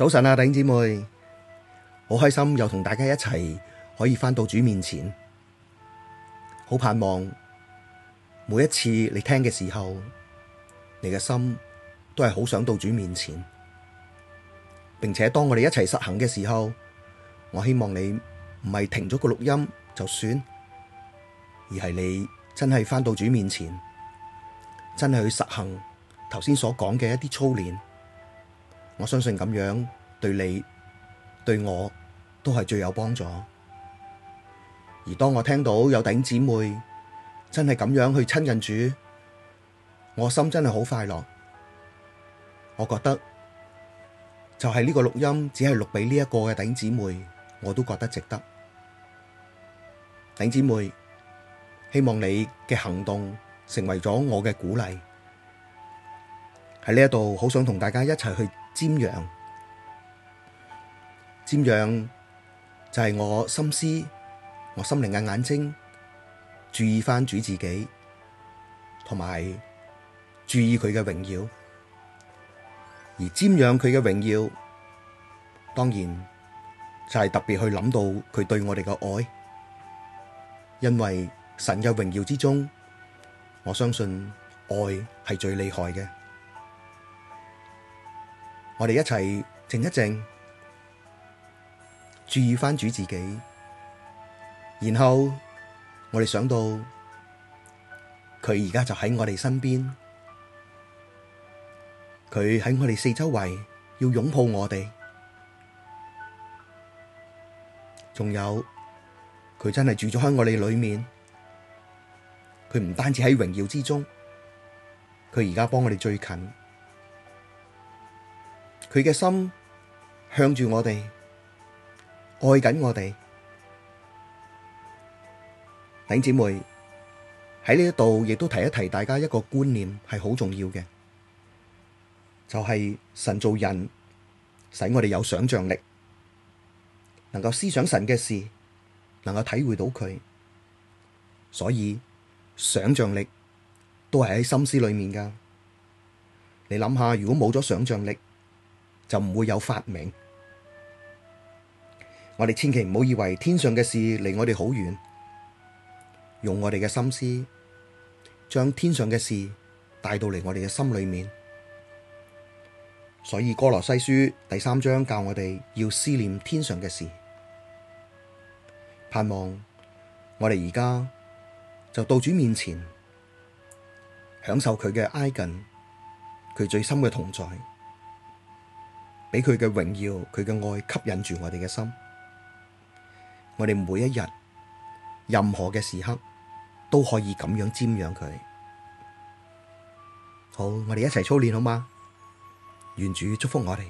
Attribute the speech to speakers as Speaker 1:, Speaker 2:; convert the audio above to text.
Speaker 1: 早晨啊，弟兄姊妹，好開心又同大家一齊可以返到主面前，好盼望每一次你聽嘅時候，你嘅心都係好想到主面前，並且當我哋一齊實行嘅時候，我希望你唔係停咗個錄音就算，而係你真係返到主面前，真係去實行頭先所講嘅一啲操練。我相信咁樣對你、對我都係最有幫助。而當我聽到有頂姊妹真係咁樣去親近主，我心真係好快樂。我覺得就係呢個錄音，只係錄俾呢一個嘅頂姊妹，我都覺得值得。頂姊妹，希望你嘅行動成為咗我嘅鼓勵。喺呢一度，好想同大家一齊去瞻仰，瞻仰就係我心思，我心靈嘅眼睛，注意翻主自己，同埋注意佢嘅榮耀，而瞻仰佢嘅榮耀，當然就係特別去諗到佢對我哋嘅愛，因為神嘅榮耀之中，我相信愛係最厲害嘅。我哋一齊靜一靜，注意返主自己，然後我哋想到佢而家就喺我哋身邊，佢喺我哋四周圍要擁抱我哋，仲有佢真係住咗喺我哋裏面，佢唔單止喺榮耀之中，佢而家幫我哋最近。佢嘅心向住我哋，愛緊我哋。頂姐妹喺呢一度亦都提一提大家一個觀念，係好重要嘅，就係、是、神造人，使我哋有想象力，能夠思想神嘅事，能夠體會到佢。所以想象力都係喺心思裏面噶。你諗下，如果冇咗想象力？就唔會有發明。我哋千祈唔好以為天上嘅事離我哋好遠，用我哋嘅心思將天上嘅事帶到嚟我哋嘅心裏面。所以歌羅西書第三章教我哋要思念天上嘅事，盼望我哋而家就到主面前享受佢嘅挨近，佢最深嘅同在。畀佢嘅榮耀，佢嘅愛吸引住我哋嘅心，我哋每一日，任何嘅時刻，都可以咁樣瞻仰佢。好，我哋一齊操練好嗎？願主祝福我哋。